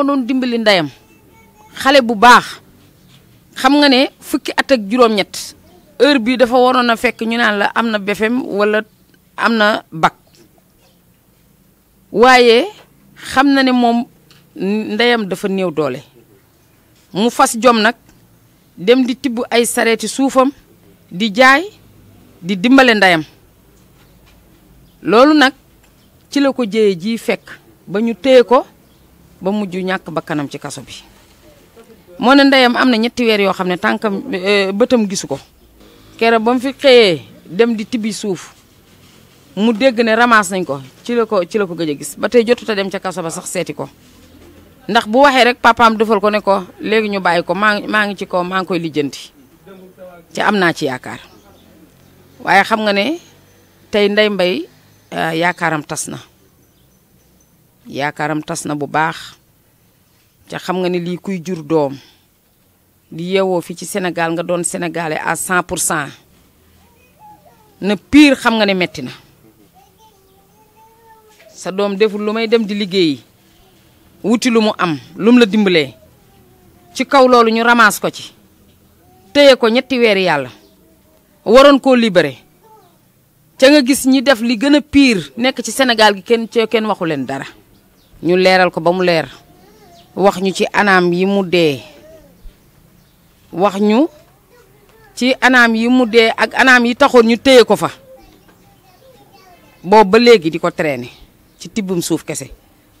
moo doon dimbali ndeyam xale bu baax xam nga ne fukki at ak juróom-ñett heure bii dafa waroon a fekk ñu naan la am na befem wala am na bac waaye xam na ne moom ndeyam dafa néew doole mu fas jom nag dem di tibb ay sareeti suufam di jaay di dimbale ndeyam loolu nag ci la ko jéye ji fekk ba ñu téye ko ba mujj ñàkk bakkanam ci kaso bi moo ne ndeyam am na ñetti weer yoo xam ne tànkam euh, bëtam gisu ko kere ba mu fi xëyee dem di tibbi suuf mu dégg ne ramaas nañ ko ci la ko ci la ko gëj a gis ba tey jotuta dem ca kaso ba sax seeti ko ndax bu waxee rek papaam defal ko ne ko léegi ñu bàyyi ko maa maa ngi ci kaw maa ngi koy lijjanti ci am naa ci yaakaar waaye xam nga ne tey ndey mbay euh, yaakaaram tas na yaakaaram tas na bu baax ca xam nga ni lii kuy jur doom di yeewoo fi ci Sénégal nga doon sénégalais à 100 pour cent na pire xam nga ne metti na sa doom deful lu may dem di liggéeyi wuti lu mu am lum la dimbalee ci kaw loolu ñu ramaas ko ci téye ko ñetti weer yàlla waroon koo libéré ca nga gis ñi def li gën a piir nekk ci Sénégal gi kenn ca kenn waxu leen dara ñu leeral ko ba mu leer wax ñu ci anaam yi mu dee wax ñu ci anam yi mu dee ak anaam yi taxoon ñu téye ko fa boobu ba léegi di ko traîner ci tibbum suuf kese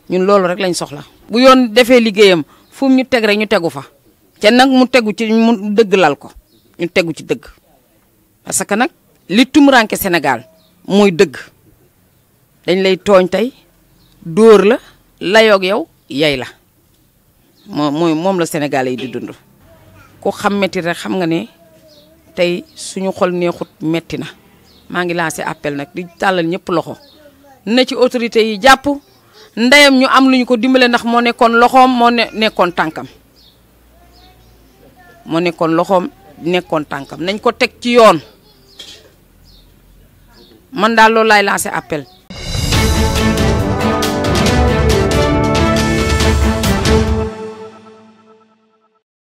ñun loolu rek lañ soxla. bu yoon defee liggéeyam fu ñu teg rek ñu tegu fa te nag mu tegu ci mu dëgg lal ko ñu tegu ci dëgg parce que nag li tumuranke Sénégal mooy dëgg dañ lay tooñ tey dóor la. layoog yow yay la moom mooy moom la sénégalais yi di dund ku xam métti rek xam nga ne tey suñu xol neexut metti na maa ngi lancé appel nag di tàllal ñëpp loxo na ci autorité yi jàpp ndeyam ñu am lu ñu ko dimbale ndax moo nekkoon loxoom moo ne nekkoon tànkam moo nekkoon loxoom nekkoon tànkam nañ ko teg ci yoon man daal loolu laay lancé appel